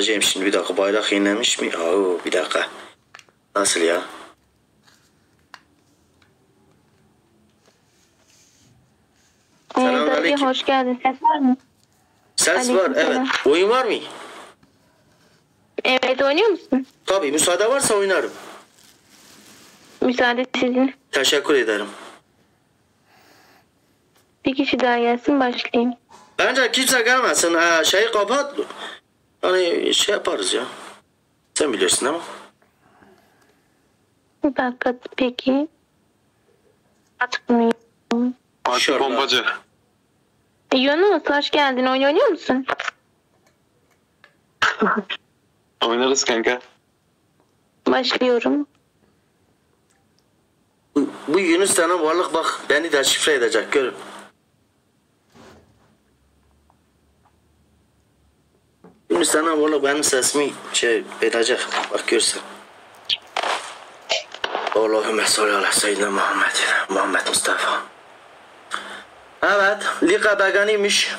Hacım şimdi bir dakika bayrak yenilenmiş mi? Oo bir dakika. Nasıl ya? Ee, Dayı hoş geldin. Ses var mı? Ses var evet. Oyun var mı? Evet oynuyor musun? Tabii müsaade varsa oynarım. Müsaade sizin. Teşekkür ederim. Bir kişi daha gelsin başlayayım. Bence kimse gelmesin. Ee, şeyi kapat. Hani şey yaparız ya. Sen biliyorsun ama. Bir peki. Atmıyorum. Fatih İnşallah. Bombacı. E, Yunus hoş geldin. Oyun oynuyor musun? Oynarız kanka. Başlıyorum. Bu Yunus denen varlık bak beni de şifre edecek görün. Şimdi sana valla benim sesimi şey verecek. Bak görsen. Allahümme salli ala seyyidina Muhammed. Muhammed Mustafa. Evet. Lika Begani'miş.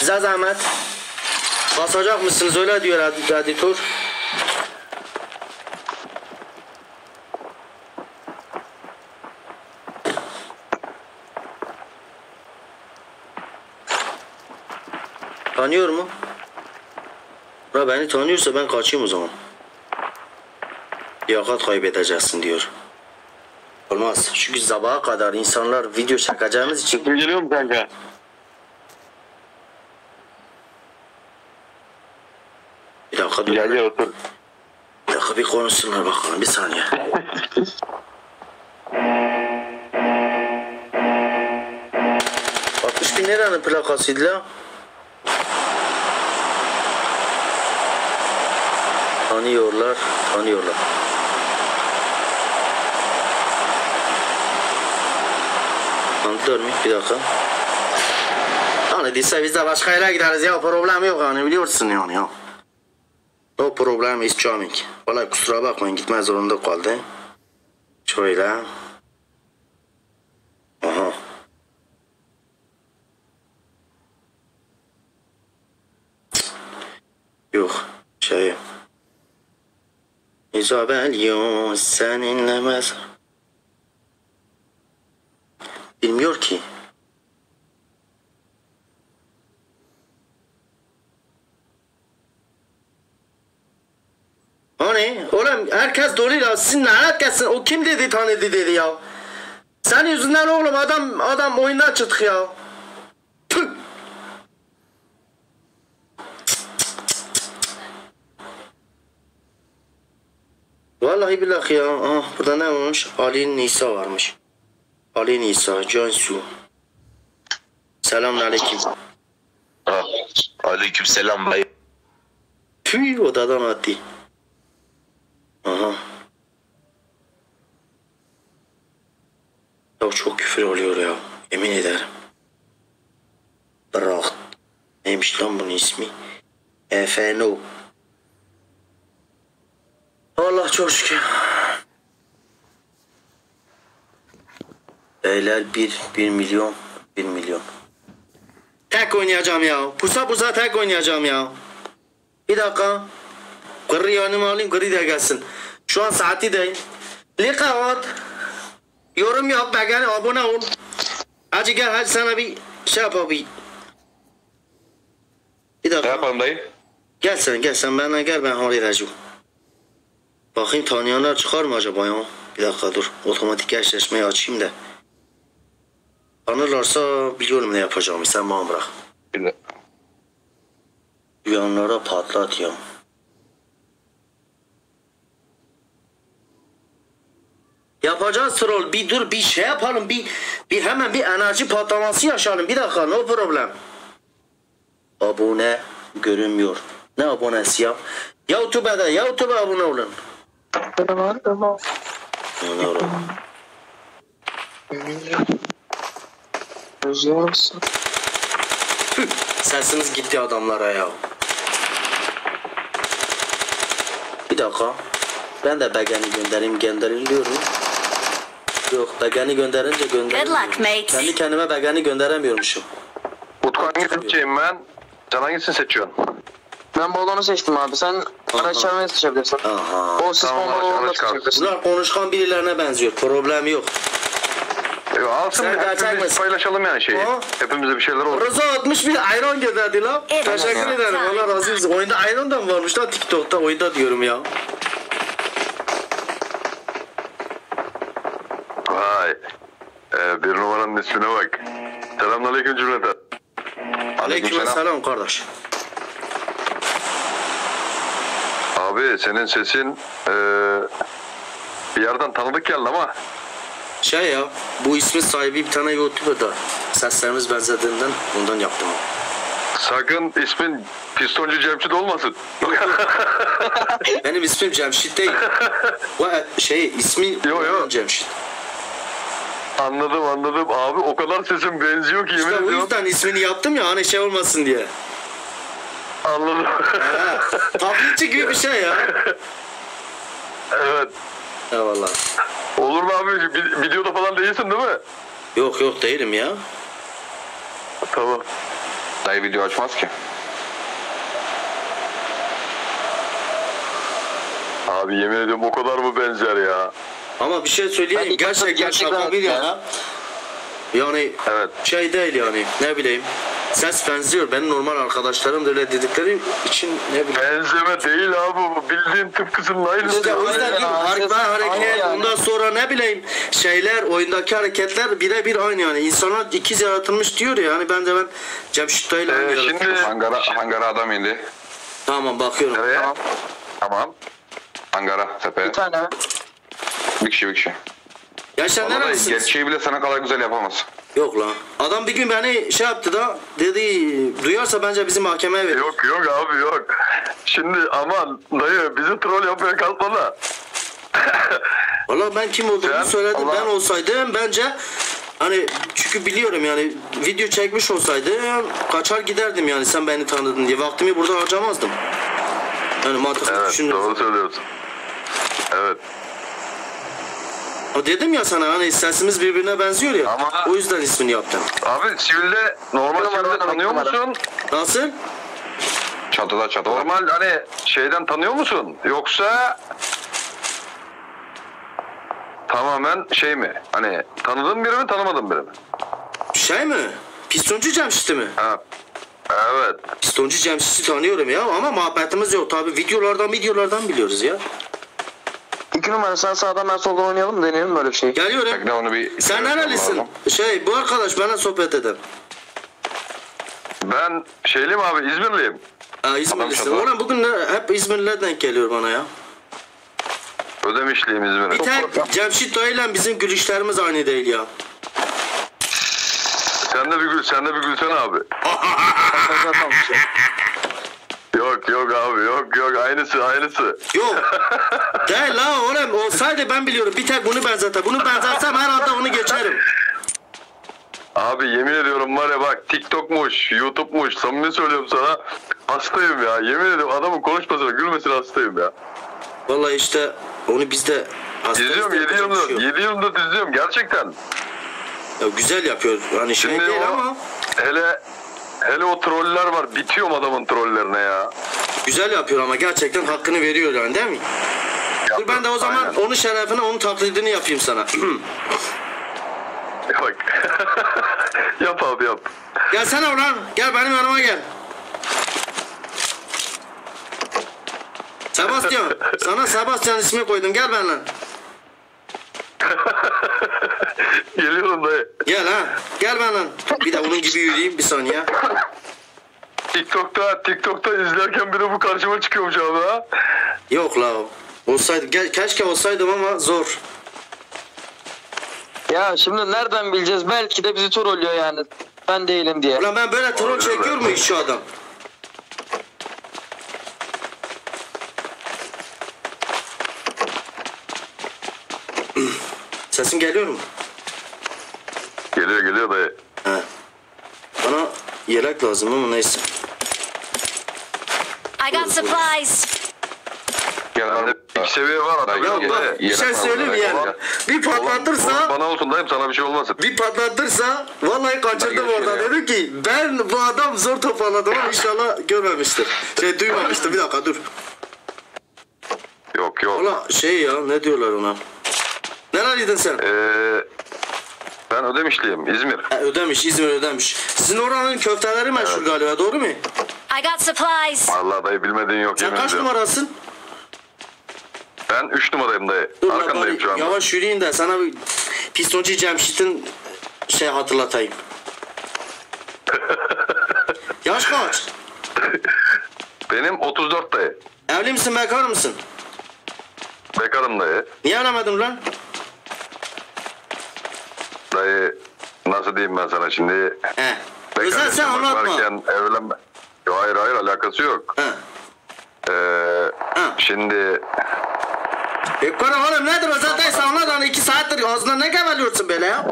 Bize zahmet. Basacak mısınız öyle diyor editör. Tanıyor mu? Ve beni tanıyorsa ben kaçayım o zaman. Yakat kaybedeceksin diyor. Olmaz. Çünkü sabaha kadar insanlar video çekeceğimiz için... Sesim geliyor mu kanka? Bir dakika dur. Gel otur. Bir dakika bir konuşsunlar bakalım. Bir saniye. bin nerenin plakasıydı la? tanıyorlar, tanıyorlar. Anlatıyor mu? Bir dakika. Anladıysa hani biz de başka yere gideriz ya problem yok yani biliyorsun yani ya. No problem is coming. Valla kusura bakmayın gitmez zorunda kaldı. Şöyle. Uzabeliyor seninle mezar. Bilmiyor ki. O Oğlum herkes doğruyla sizin lanet gelsin. O kim dedi tanıdı dedi ya. Sen yüzünden oğlum adam adam oyundan çıktı ya. Vallahi billah ya. Ah, burada ne varmış? Ali Nisa varmış. Ali Nisa, Cansu. Selamun aleyküm. Ah, aleyküm selam bay. Tüy odadan attı. Aha. Ya çok küfür oluyor ya. Emin ederim. Bırak. Neymiş lan bunun ismi? Efendim. Allah'a çok Beyler bir, bir milyon, bir milyon. Tek oynayacağım ya. Pusa pusa tek oynayacağım ya. Bir dakika. Gri yanıma alayım gri de gelsin. Şu an saati değil. Like at. Yorum yap be gel abone ol. Hacı gel hadi sana bir şey yap Bir dakika. Ne yapalım dayı? Gel sen gel sen bana gel ben halledeceğim. Bakayım tanıyanlar çıkar mı acaba ya? Bir dakika dur. Otomatik eşleşmeyi açayım da. Tanırlarsa biliyorum ne yapacağımı. Sen bana bırak. Bir de. patlat ya. Yapacağız troll. Bir dur bir şey yapalım. Bir, bir hemen bir enerji patlaması yaşayalım. Bir dakika no problem. Abone görünmüyor. Ne abonesi yap? YouTube'da YouTube'a abone olun. Pero no, no, no. No, no, no. Sesiniz gitti adamlara ya. Bir dakika. Ben de Begen'i göndereyim gönderiliyorum. Yok Begen'i gönderince gönderiliyorum. Kendi kendime Begen'i gönderemiyormuşum. Utku hangisini seçeyim ben? Sen hangisini seçiyorsun? Ben Bolon'u seçtim abi. Sen Araçlarına sıçabilirsin. Aha. O siz tamam, bombalarına sıçabilirsin. Bunlar konuşkan birilerine benziyor. Problem yok. E, alsın Sen hepimiz paylaşalım yani şeyi. O? Hepimize bir şeyler olur. Rıza 61 ayran getirdi la. Evet. Teşekkür ya. ederim. Valla razı olsun. Oyunda ayran da mı varmış la TikTok'ta? Oyunda diyorum ya. Vay. Ee, bir numaranın ismine bak. Selamünaleyküm cümleten. Aleyküm selam kardeş. Abi senin sesin e, bir yerden tanıdık geldi ama. Şey ya bu ismin sahibi bir tane YouTuber'da seslerimiz benzediğinden bundan yaptım. Sakın ismin pistoncu Cemşit olmasın. Benim ismim Cemşit değil. E, şey ismi yo, yo. Cemşit. Anladım anladım abi o kadar sesim benziyor ki yemin işte o yüzden ismini yaptım ya hani şey olmasın diye. Anladım. Taklitçi gibi bir şey ya. Evet. Eyvallah. Olur mu abicim? Videoda falan değilsin değil mi? Yok yok değilim ya. Tamam. Dayı video açmaz ki. Abi yemin ediyorum o kadar mı benzer ya? Ama bir şey söyleyeyim gerçekten, gerçekten şaka ya. Yani evet. şey değil yani ne bileyim ses benziyor. Ben normal arkadaşlarım da öyle dedikleri için ne bileyim. Benzeme değil abi bu. Bildiğin tıpkısının aynısı. İşte o yüzden diyorum. Harika hareket. Yani. Ondan sonra ne bileyim şeyler oyundaki hareketler birebir aynı yani. İnsanlar ikiz yaratılmış diyor ya. Hani ben de ben Cemşit'te ile ee, Şimdi hangara, hangara adam indi. Tamam bakıyorum. Nereye? Tamam. tamam. Hangara tepeye. Bir tane. Bir kişi bir kişi. Ya sen neredesin? Gerçeği bile sana kadar güzel yapamaz. Yok lan. Adam bir gün beni şey yaptı da dedi duyarsa bence bizi mahkemeye verir. Yok yok abi yok. Şimdi aman dayı bizi troll yapmaya kalkma da. Valla ben kim olduğumu Sen, söyledim. Allah. Ben olsaydım bence hani çünkü biliyorum yani video çekmiş olsaydım kaçar giderdim yani sen beni tanıdın diye. Vaktimi burada harcamazdım. Yani mantıklı evet, düşündüm. Doğru söylüyorsun. Evet. O dedim ya sana hani sesimiz birbirine benziyor ya. Ama... O yüzden ismini yaptım. Abi sivilde normal numarada tanıyor musun? Nasıl? Çatıda çatıda. Normal hani şeyden tanıyor musun? Yoksa tamamen şey mi? Hani tanıdığın biri mi tanımadığın biri mi? Şey mi? Pistoncu Cemşit'i mi? Ha. Evet. Pistoncu Cemşit'i tanıyorum ya ama muhabbetimiz yok. Tabi videolardan videolardan biliyoruz ya fikrim hani var. Sen sağdan ben soldan oynayalım deneyelim böyle bir şey. Geliyorum. Tekne onu bir Sen şey nerelisin? Şey bu arkadaş bana sohbet eden. Ben şeyliyim abi İzmirliyim. Aa, İzmirlisin. Adam Oğlum bugün hep İzmirliler geliyor bana ya. Ödemişliyim İzmir'e. Bir tek Cemşit Dayı ile bizim gülüşlerimiz aynı değil ya. Sen de bir gül, sen de bir gülsene abi. Yok yok abi yok yok aynısı aynısı. Yok. Değil la oğlum olsaydı ben biliyorum bir tek bunu benzeter. Bunu her anda onu geçerim. Abi yemin ediyorum var ya bak TikTok'muş, YouTube'muş samimi söylüyorum sana hastayım ya. Yemin ediyorum adamın konuşmasına gülmesin hastayım ya. Vallahi işte onu biz de hastayız İzliyorum da 7 yapacak bir şey 7 24 izliyorum gerçekten. Ya güzel yapıyor. Hani şey Şimdi değil o- ama Hele Hele o troller var. Bitiyorum adamın trollerine ya. Güzel yapıyor ama gerçekten hakkını veriyor yani değil mi? Yaptım, Dur ben de o zaman aynen. onun şerefine onun taklidini yapayım sana. Bak. yap abi yap. Gelsene ulan. Gel benim yanıma gel. Sebastian. sana Sebastian ismi koydum. Gel benimle. otururum dayı. Gel ha. Gel benden. Bir de onun gibi yürüyeyim bir saniye. TikTok'ta TikTok'ta izlerken bir de bu karşıma çıkıyormuş abi ha. Yok la. Olsaydı gel keşke olsaydım ama zor. Ya şimdi nereden bileceğiz? Belki de bizi trollüyor yani. Ben değilim diye. Ulan ben böyle troll çekiyor mu hiç şu adam? Sesin geliyor mu? buraya geliyor dayı. He. Bana yelek lazım ama neyse. I got supplies. Genelde iki seviye var adam Ya Yok bir şey söyleyeyim yani. Bir patlatırsa Bana olsun dayım sana bir şey olmasın. bir patlatırsa vallahi kaçırdım Ben oradan. Dedim ki ben bu adam zor toparladı ama inşallah görmemiştir. Şey duymamıştır bir dakika dur. Yok yok. Ulan şey ya ne diyorlar ona? Neredeydin sen? Eee ben Ödemişliyim, İzmir. Ha, ödemiş, İzmir ödemiş. Sizin oranın köfteleri meşhur Evet. galiba doğru mu? I got supplies. Vallahi dayı bilmediğin yok Sen yemin kaç ediyorum. numarasın? Ben 3 numarayım dayı. Dur lan Arkandayım bari şu anda. Yavaş yürüyün de sana bir pistoncu Cemşit'in şey hatırlatayım. Yaş kaç? Benim 34 dayı. Evli misin bekar mısın? Bekarım dayı. Niye aramadın lan? dayı nasıl diyeyim ben sana şimdi? He. Özel hani sen anlatma. Varken evlenme. Yo, hayır hayır alakası yok. He. Ee, He. şimdi e konu oğlum nedir o zaten savunma da iki saattir ağzına ne geveliyorsun böyle ya?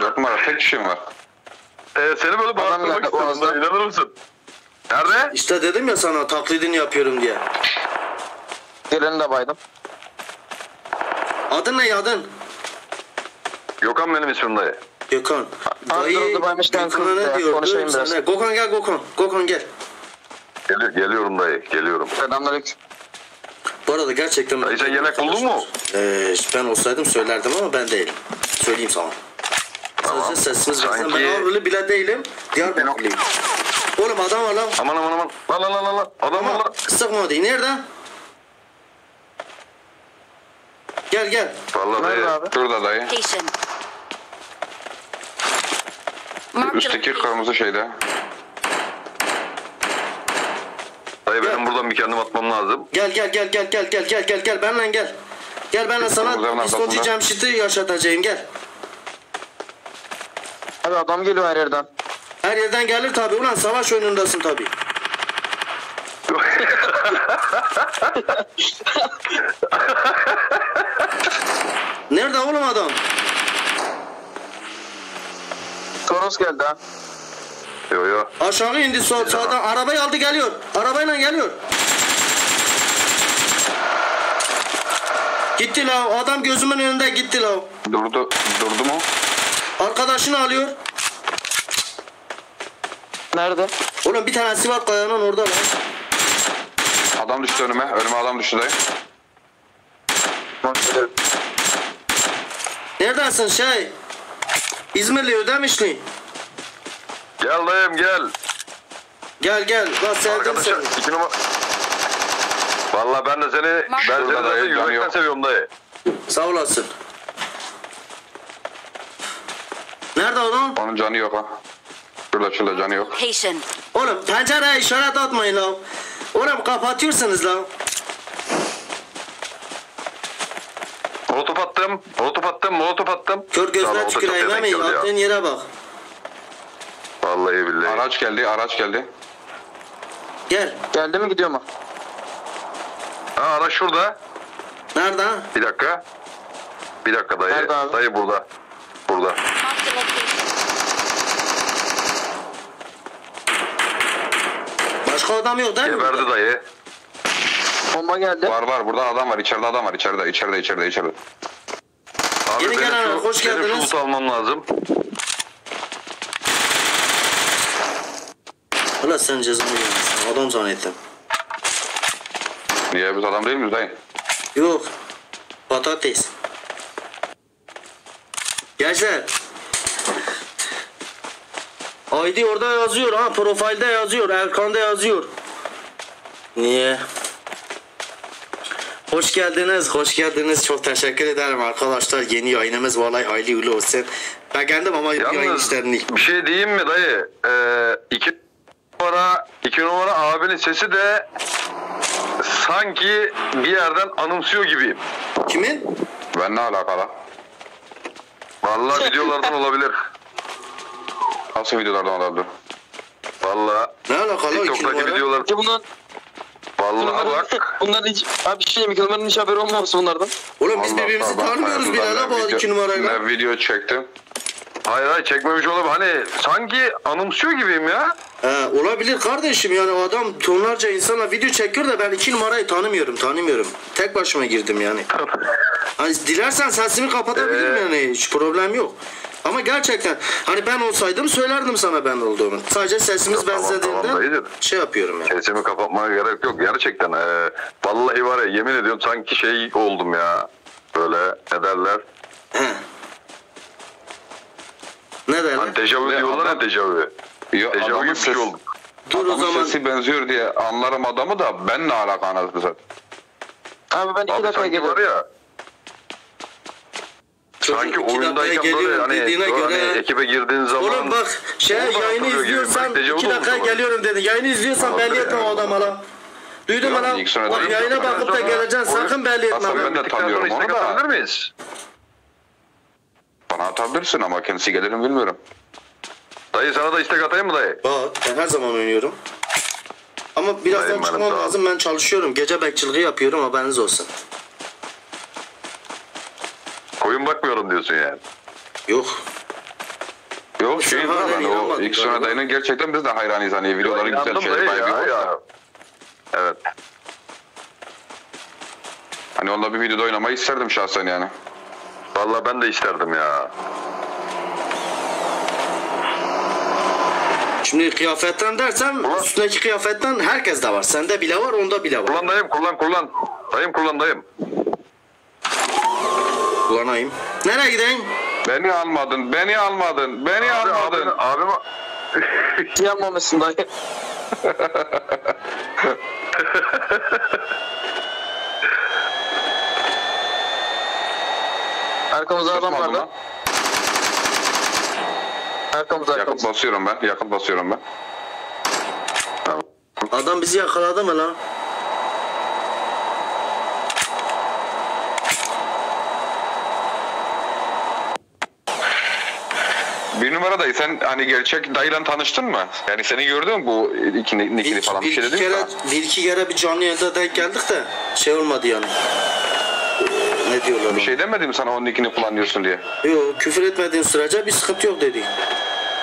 Dört numara tek kişi var? Ee, seni böyle bağırmak istedim da inanır mısın? Nerede? İşte dedim ya sana taklidini yapıyorum diye. Geleni de baydım. Adın ne adın? Gökhan benim ismimde. Gökhan. Dayı şey Gökhan'a diyor. Konuşayım biraz. Sana. Gökhan gel Gökhan. Gökhan gel. Gel geliyorum dayı. Geliyorum. Selamünaleyküm. Bu arada gerçekten... Dayı sen yemek buldun mu? Ee, ben olsaydım söylerdim ama ben değilim. Söyleyeyim sana. Tamam. Sadece sesimiz Sanki... var. Ben Ağrılı bile değilim. Diyarbakırlıyım. Oğlum adam var lan. Aman aman aman. Lan lan lan lan. Adam var lan. Sıkma değil. Nerede? Gel gel. Vallahi dayı. Abi? Şurada dayı. Station. Üstteki kırmızı şeyde. Hayır benim buradan bir kendim atmam lazım. Gel gel gel gel gel gel gel gel gel benle gel. Gel benle sana Discord'cu Cemşit'i yaşatacağım gel. Abi adam geliyor her yerden. Her yerden gelir tabi ulan savaş oyunundasın tabi. Nerede oğlum adam? Toros geldi ha. Yo yo. Aşağı indi sağ, sağdan. Arabayı aldı geliyor. Arabayla geliyor. Gitti la. Adam gözümün önünde gitti la. Durdu. Durdu mu? Arkadaşını alıyor. Nerede? Oğlum bir tane Sivat Kaya'nın orada lan. Adam düştü önüme. Önüme adam düştü dayı. Neredesin şey? İzmirli Ödemişli. Gel dayım gel. Gel gel. Lan sevdim seni. iki numara. Valla ben de seni, ben seni de dayı, yürekten seviyorum dayı. Sağ olasın. Nerede adam? Onun canı yok ha. Şurada şurada canı yok. Patient. Oğlum pencereye işaret atmayın lan. Oğlum kapatıyorsunuz lan. Molotof attım, molotof attım, molotof attım adam. Kör gözler. tükür Eymen Bey. Attığın yere bak. Vallahi billahi. Araç geldi, araç geldi. Gel. Geldi mi gidiyor mu? Ha araç şurada. Nerede? Bir dakika. Bir dakika dayı. Nerede abi? Dayı burada. Burada. Başka adam yok değil Geberdi mi? Geberdi dayı. Bomba geldi. Var var burada adam var. İçeride adam var. İçeride içeride içeride içeride. Abi Yeni kanala hoş geldiniz. Benim şu almam lazım. Ulan sen cezamı yedin. Adam zannettim. Niye biz adam değil miyiz dayı? Yok. Patates. Gençler. ID orada yazıyor ha profilde yazıyor Erkan'da yazıyor. Niye? Hoş geldiniz, hoş geldiniz. Çok teşekkür ederim arkadaşlar. Yeni yayınımız vallahi hayli ulu olsun. Beğendim ama Yalnız, yayın işlerini. bir şey diyeyim mi dayı? Ee, iki numara, iki numara abinin sesi de sanki bir yerden anımsıyor gibiyim. Kimin? Ben ne alakalı? Vallahi videolardan olabilir. Nasıl videolardan olabilir? Vallahi. Ne alakalı? TikTok'taki videolar. Bunun Vallahi bunların, bak. Bunların hiç, abi şey mi onların hiç haberi olmamış bunlardan. Oğlum biz Vallahi birbirimizi tanımıyoruz bile ben lan bu video- numarayla. Ben video çektim. Hayır hayır çekmemiş olamam. Hani sanki anımsıyor gibiyim ya. He, olabilir kardeşim yani adam tonlarca insana video çekiyor da ben iki numarayı tanımıyorum tanımıyorum. Tek başıma girdim yani. hani dilersen sesimi kapatabilirim ee... yani hiç problem yok. Ama gerçekten hani ben olsaydım söylerdim sana ben olduğumu. Sadece sesimiz ya, benzediğinden tamam, şey yapıyorum yani. Sesimi kapatmaya gerek yok gerçekten. E, vallahi var ya yemin ediyorum sanki şey oldum ya. Böyle ne derler? Ne derler? Hani dejavu diyorlar ya dejavu. Yo, Dejavu adamın gibi ses, oldum. Dur adamın o zaman. sesi benziyor diye anlarım adamı da ben ne alaka anasını zaten. Abi ben iki dakika sanki ya sanki iki dakikaya oyundayken hani böyle hani, dediğine göre. hani ekibe girdiğin zaman Oğlum bak şey yayını izliyorsan iki dakika geliyorum dedin. Yayını izliyorsan belli etme yani. o adama lan. Duydun mu lan? ilk yayına Ondan bakıp da sonra geleceksin sakın belli etme. Aslında ben de bittikten tanıyorum sonra onu da bana atabilirsin ama kendisi gelirim bilmiyorum. Dayı sana da istek atayım mı dayı? Bak ben her zaman oynuyorum. Ama birazdan Dayım çıkmam lazım ben çalışıyorum. Gece bekçiliği yapıyorum haberiniz olsun. Koyun bakmıyorum diyorsun yani. Yok. Yok şey Sen hala ben o ilk İkşar dayının gerçekten biz de hayranıyız hani videoları güzel şeyler dayı bayağı bir ya. Evet. Hani onunla bir videoda oynamayı isterdim şahsen yani. Vallahi ben de isterdim ya. Şimdi kıyafetten dersem. Ulan. üstündeki kıyafetten herkes de var. Sende bile var onda bile var. Kullan dayım kullan kullan. Dayım kullan dayım. Kullanayım. Nereye gideyim? Beni almadın, beni almadın, beni abi, almadın. Abi, abi, abi. Yapmamışsın dayı. Arkamızda adam var lan. Arkamız arkamız. Yakıt basıyorum ben. Yakıt basıyorum ben. Adam bizi yakaladı mı lan? Bir numara dayı sen hani gerçek dayıyla tanıştın mı? Yani seni gördün mü bu iki nikini İlk- falan bir, şey bir şey iki dedin mi? kere, sana? bir iki kere bir canlı yayında denk geldik de şey olmadı yani. Ne diyorlar? Bir şey ona? şey demedim sana onun nikini kullanıyorsun diye. Yok küfür etmediğin sürece bir sıkıntı yok dedi.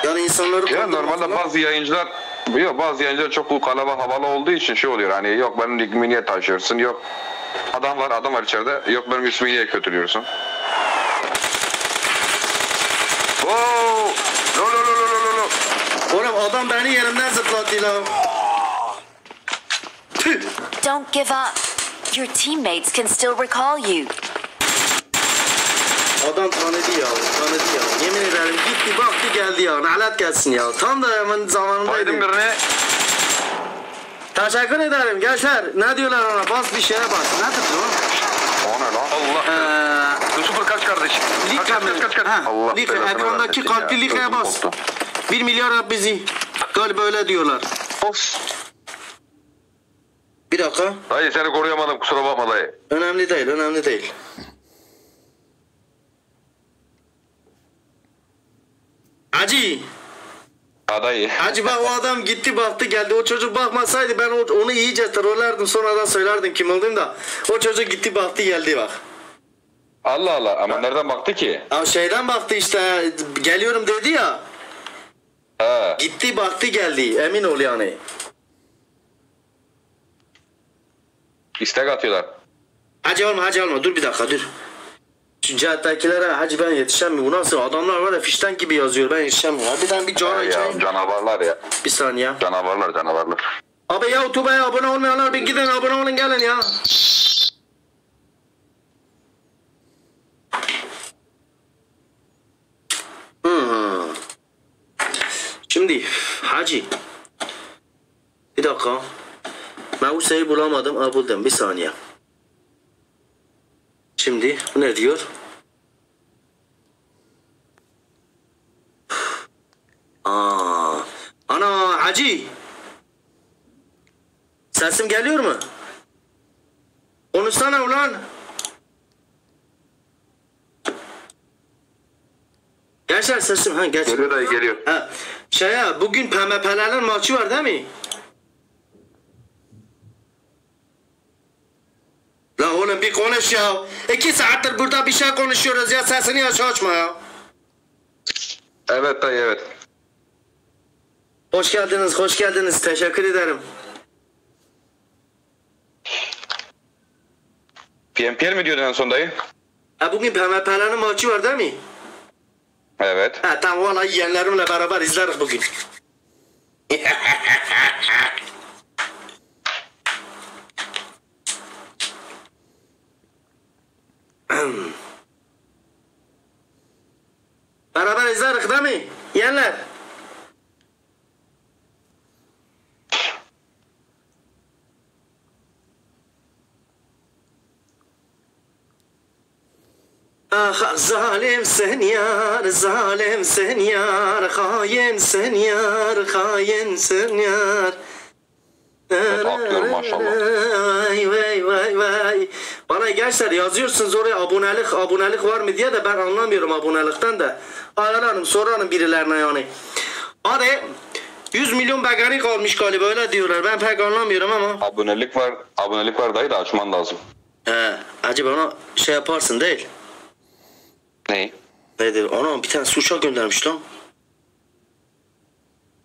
Yani insanları... Ya normalde falan. bazı yayıncılar Yok bazı yayıncılar çok bu kalaba havalı olduğu için şey oluyor hani yok benim ligimi niye taşıyorsun yok adam var adam var içeride yok benim ismimi niye kötülüyorsun. Oo! Lo lo lo lo lo lo. Oğlum adam beni yerimden zıplattı lan. Don't give up. Your teammates can still recall you. Adam tanıdı ya, tanıdı ya. Yemin ederim gitti baktı geldi ya. Nalet gelsin ya. Tam da hemen zamanındaydı. Aydın birine. Teşekkür ederim gençler. Ne diyorlar ona? Bas bir şeye bas. Ne diyor? O ne lan? Allah. Ee, Lucifer kaç kardeşim? Kaç kaç kaç kaç. kaç. Ha. Allah Lika. Hadi ondaki kalpli Lika'ya bas. Bir milyar bizi. Galiba öyle diyorlar. Of. Bir dakika. Dayı seni koruyamadım kusura bakma dayı. Önemli değil önemli değil. Acı. Adayı. Acı bak o adam gitti baktı geldi. O çocuk bakmasaydı ben onu iyice trollerdim. Sonradan söylerdim kim olduğunu da. O çocuk gitti baktı geldi bak. Allah Allah ama nereden baktı ki? Aa, şeyden baktı işte geliyorum dedi ya. Ha. Gitti baktı geldi emin ol yani. İstek atıyorlar. Hacı olma hacı olma dur bir dakika dur. Üçüncü hattadakilere hacı ben yetişen mi? Bu nasıl? Adamlar var ya fişten gibi yazıyor ben yetişemiyorum. ben bir can ya, canavarlar ya. Bir saniye. Canavarlar canavarlar. Abi ya YouTube'a abone olmayanlar bir gidin abone olun gelin ya. Hmm. Şimdi hacı. Bir dakika. Mouse'yi bulamadım. Ha buldum. Bir saniye. Şimdi bu ne diyor? Aa, ana acı. Sesim geliyor mu? Konuşsana ulan. Gençler sesim ha geç. Geliyor dayı geliyor. Ha. Şeye bugün PMP'lerle maçı var değil mi? konuş ya. İki saattir burada bir şey konuşuyoruz ya sesini aç açma ya. Evet dayı evet. Hoş geldiniz, hoş geldiniz. Teşekkür ederim. PMPL mi diyordun en son dayı? Ha e, bugün PMPL'nin maçı var değil mi? Evet. Ha e, tamam vallahi yeğenlerimle beraber izleriz bugün. Beraber izlerik değil mi? Yerler. Ah, ah zalim zalimsin yar, zalimsin yar, hainsin yar, hainsin yar. yapıyorum maşallah. Vay vay vay vay. Bana gençler yazıyorsunuz oraya abonelik abonelik var mı diye de ben anlamıyorum abonelikten de. Ararım sorarım birilerine yani. Hadi 100 milyon bagani kalmış galiba öyle diyorlar. Ben pek anlamıyorum ama. Abonelik var. Abonelik var dayı da açman lazım. He. Acaba ona şey yaparsın değil. Neyi? Nedir? Anam bir tane suça göndermiş lan.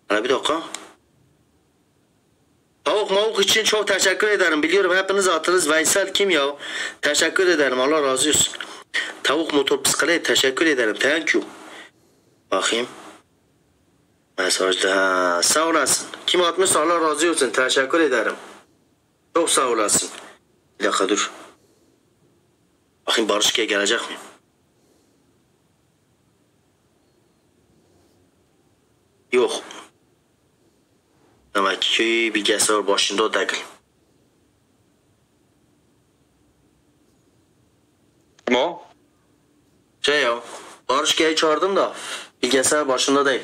Hani bir dakika. Tavuk mavuk için çok teşekkür ederim. Biliyorum hepiniz atınız. Veysel kim ya? Teşekkür ederim. Allah razı olsun. Tavuk motor bisiklet teşekkür ederim. Thank you. Bakayım. Mesajda. Ha, sağ olasın. Kim atmış? Allah razı olsun. Teşekkür ederim. Çok sağ olasın. Bir dakika dur. Bakayım Barışke'ye gelecek mi? Yok ki bilgisayar başında o değil. Mo? Şey ya, Barış G'yi çağırdım da bilgisayar başında değil.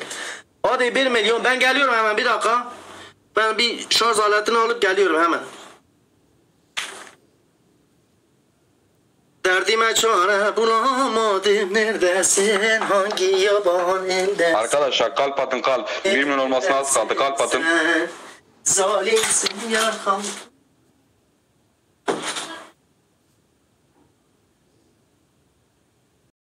Hadi 1 milyon ben geliyorum hemen bir dakika. Ben bir şarj aletini alıp geliyorum hemen. Derdime çare bulamadım neredesin hangi yaban elde Arkadaşlar kalp atın kalp 1 milyon olmasına az kaldı kalp atın soll ins Jahr kommen.